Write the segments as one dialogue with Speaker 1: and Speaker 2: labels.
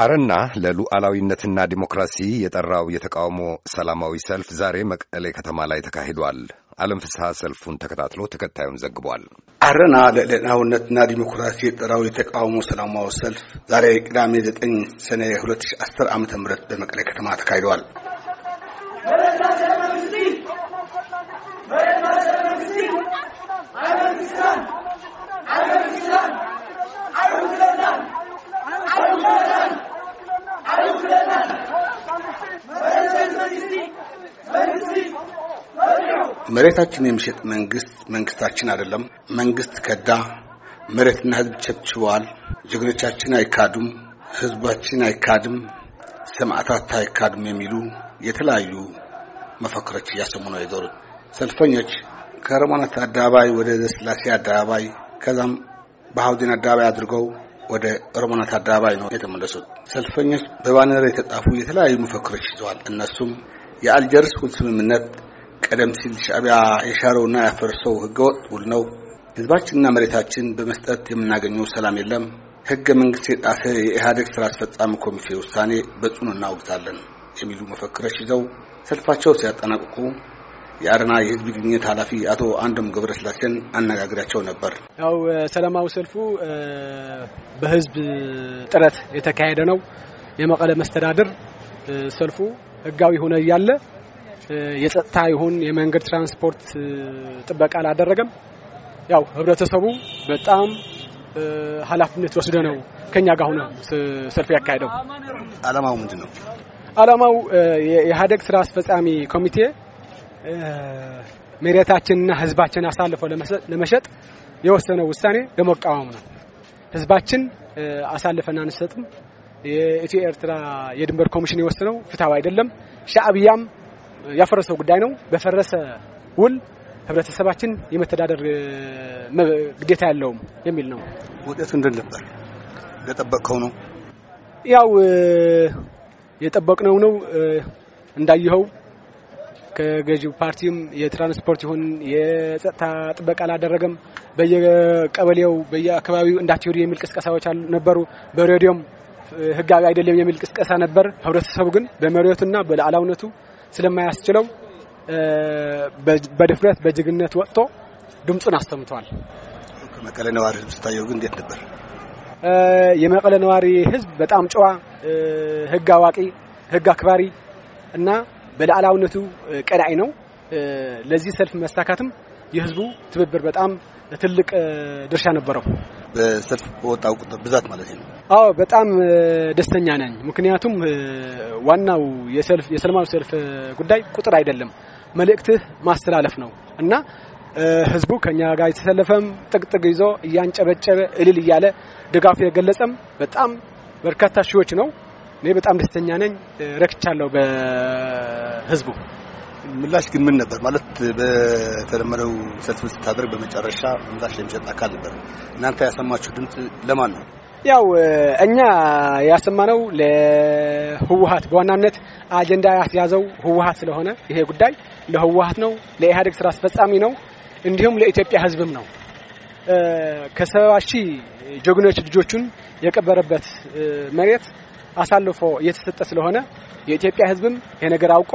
Speaker 1: አረና ለሉዓላዊነትና ዲሞክራሲ የጠራው የተቃውሞ ሰላማዊ ሰልፍ ዛሬ መቀሌ ከተማ ላይ ተካሂዷል። አለም ፍስሐ ሰልፉን ተከታትሎ ተከታዩን ዘግቧል። አረና ለሉዓላዊነትና ዲሞክራሲ የጠራው የተቃውሞ ሰላማዊ ሰልፍ ዛሬ ቅዳሜ 9 ሰኔ 2010 ዓ ም በመቀሌ ከተማ ተካሂዷል። መሬታችን የሚሸጥ መንግስት መንግስታችን አይደለም። መንግስት ከዳ፣ መሬትና ህዝብ ቸብችበዋል። ጀግኖቻችን አይካዱም፣ ህዝባችን አይካድም፣ ሰማዕታት አይካዱም የሚሉ የተለያዩ መፈክሮች እያሰሙ ነው የዞሩት ሰልፈኞች ከሮማናት አደባባይ ወደ ስላሴ አደባባይ ከዛም በሀውዜን አደባባይ አድርገው ወደ ሮማናት አደባባይ ነው የተመለሱት። ሰልፈኞች በባነር የተጻፉ የተለያዩ መፈክሮች ይዘዋል። እነሱም የአልጀርስ ውል ስምምነት ቀደም ሲል ሻዕቢያ የሻረውና ያፈርሰው ህገወጥ ውል ነው። ህዝባችንና መሬታችን በመስጠት የምናገኘው ሰላም የለም። ህገ መንግስት የጣሰ የኢህአዴግ ስራ አስፈጻሚ ኮሚቴ ውሳኔ በጽኑ እናወግዛለን የሚሉ መፈክሮች ይዘው ሰልፋቸው ሲያጠናቅቁ የአረና የህዝብ ግንኙነት ኃላፊ አቶ አንዶም ገብረስላሴን አነጋግሪያቸው ነበር።
Speaker 2: ያው ሰላማዊ ሰልፉ በህዝብ ጥረት የተካሄደ ነው። የመቀለ መስተዳድር ሰልፉ ህጋዊ ሆነ እያለ የጸጥታ ይሁን የመንገድ ትራንስፖርት ጥበቃ አላደረገም። ያው ህብረተሰቡ በጣም ኃላፊነት ወስደ ነው ከኛ ጋር ሆነ ሰልፍ ያካሄደው። አላማው ምንድን ነው? አላማው የኢህአዴግ ስራ አስፈጻሚ ኮሚቴ መሬታችንና ህዝባችን አሳልፈው ለመሸጥ የወሰነው ውሳኔ ለመቃወም ነው። ህዝባችን አሳልፈን አንሰጥም። የኢትዮ ኤርትራ የድንበር ኮሚሽን የወሰነው ፍትሃዊ አይደለም። ሻዕብያም ያፈረሰው ጉዳይ ነው። በፈረሰ ውል ህብረተሰባችን የመተዳደር ግዴታ ያለውም የሚል ነው። ውጤቱ እንደት ነበር? ነው? ያው የጠበቅነው ነው እንዳየኸው ከገዢው ፓርቲም የትራንስፖርት ይሁን የጸጥታ ጥበቃ አላደረገም። በየቀበሌው በየአካባቢው እንዳትሄዱ የሚል ቅስቀሳዎች ነበሩ። በሬዲዮም ህጋዊ አይደለም የሚል ቅስቀሳ ነበር። ህብረተሰቡ ግን በመሬቱና በሉዓላዊነቱ ስለማያስችለው በድፍረት በጀግንነት ወጥቶ ድምፁን አሰምተዋል።
Speaker 1: ከመቀለ ነዋሪ ህዝብ ስታየው ግን እንዴት ነበር?
Speaker 2: የመቀለ ነዋሪ ህዝብ በጣም ጨዋ፣ ህግ አዋቂ፣ ህግ አክባሪ እና በሉዓላዊነቱ ቀዳይ ነው። ለዚህ ሰልፍ መሳካትም የህዝቡ ትብብር በጣም ትልቅ ድርሻ ነበረው።
Speaker 1: በሰልፍ በወጣው ቁጥር ብዛት ማለት ነው።
Speaker 2: አዎ በጣም ደስተኛ ነኝ። ምክንያቱም ዋናው የሰልፍ የሰላማዊ ሰልፍ ጉዳይ ቁጥር አይደለም፣ መልእክትህ ማስተላለፍ ነው እና ህዝቡ ከኛ ጋር የተሰለፈም ጥቅጥቅ ይዞ እያንጨበጨበ እልል እያለ ድጋፍ የገለጸም በጣም በርካታ ሺዎች ነው። እኔ በጣም ደስተኛ ነኝ። ረክቻለሁ በህዝቡ
Speaker 1: ምላሽ ግን ምን ነበር ማለት በተለመደው ሰልፍ ስታደርግ በመጨረሻ ምላሽ የሚሰጥ አካል ነበር። እናንተ ያሰማችሁ ድምፅ ለማን ነው?
Speaker 2: ያው እኛ ያሰማነው ለህወሀት በዋናነት አጀንዳ ያስያዘው ህወሀት ስለሆነ ይሄ ጉዳይ ለህወሀት ነው፣ ለኢህአዴግ ስራ አስፈጻሚ ነው፣ እንዲሁም ለኢትዮጵያ ህዝብም ነው። ከሰባ ሺህ ጀግኖች ልጆቹን የቀበረበት መሬት አሳልፎ እየተሰጠ ስለሆነ የኢትዮጵያ ህዝብም ይሄ ነገር አውቆ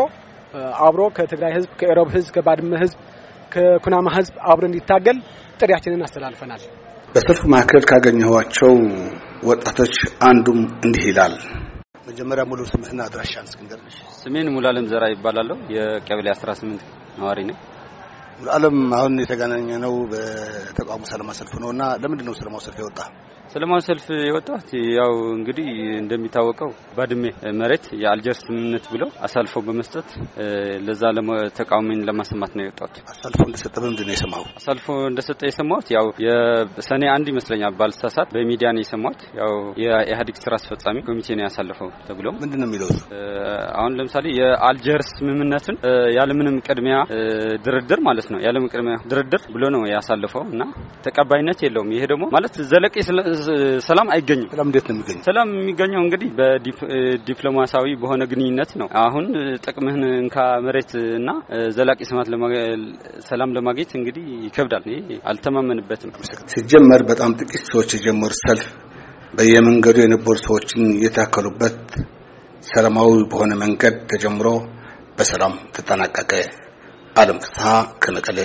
Speaker 2: አብሮ ከትግራይ ህዝብ፣ ከኢሮብ ህዝብ፣ ከባድመ ህዝብ፣ ከኩናማ ህዝብ አብሮ እንዲታገል ጥሪያችንን
Speaker 3: አስተላልፈናል።
Speaker 1: በሰልፍ መካከል ካገኘኋቸው ወጣቶች አንዱም እንዲህ ይላል።
Speaker 3: መጀመሪያ ሙሉ ስምህና አድራሻን እስክንገርሽ። ስሜን ሙሉ አለም ዘራ ይባላለሁ። የቀበሌ 18 ነዋሪ ነኝ።
Speaker 1: ዓለም አሁን የተገናኘ ነው በተቃውሞ ሰላማዊ ሰልፍ ነው እና ለምንድን ነው ሰላማዊ ሰልፍ የወጣ?
Speaker 3: ሰላማዊ ሰልፍ የወጣት ያው እንግዲህ እንደሚታወቀው ባድሜ መሬት የአልጀርስ ስምምነት ብለው አሳልፎ በመስጠት ለዛ ተቃውሞን ለማሰማት ነው የወጣት። አሳልፎ እንደሰጠ በምንድን ነው የሰማው? አሳልፎ እንደሰጠ የሰማሁት ያው የሰኔ አንድ ይመስለኛል ባልሳሳት በሚዲያ ነው የሰማሁት። ያው የኢህአዴግ ስራ አስፈጻሚ ኮሚቴ ነው ያሳልፈው ተብሎ ምንድን ነው የሚለው አሁን ለምሳሌ የአልጀርስ ስምምነትን ያለምንም ቅድሚያ ድርድር ማለት ነው ማለት ነው ያለ ቅድመ ድርድር ብሎ ነው ያሳልፈው እና ተቀባይነት የለውም። ይሄ ደግሞ ማለት ዘለቂ ሰላም አይገኝም። ሰላም እንዴት ነው የሚገኘው? ሰላም የሚገኘው እንግዲህ በዲፕሎማሲያዊ በሆነ ግንኙነት ነው። አሁን ጥቅምህን እንካ መሬት እና ዘላቂ ሰላም ለማግኘት እንግዲህ ይከብዳል። አልተማመንበትም።
Speaker 1: ሲጀመር በጣም ጥቂት ሰዎች የጀመሩ ሰልፍ በየመንገዱ የነበሩ ሰዎችን የታከሉበት ሰላማዊ በሆነ መንገድ ተጀምሮ በሰላም ተጠናቀቀ። አለም ፍስሐ ከመቀለ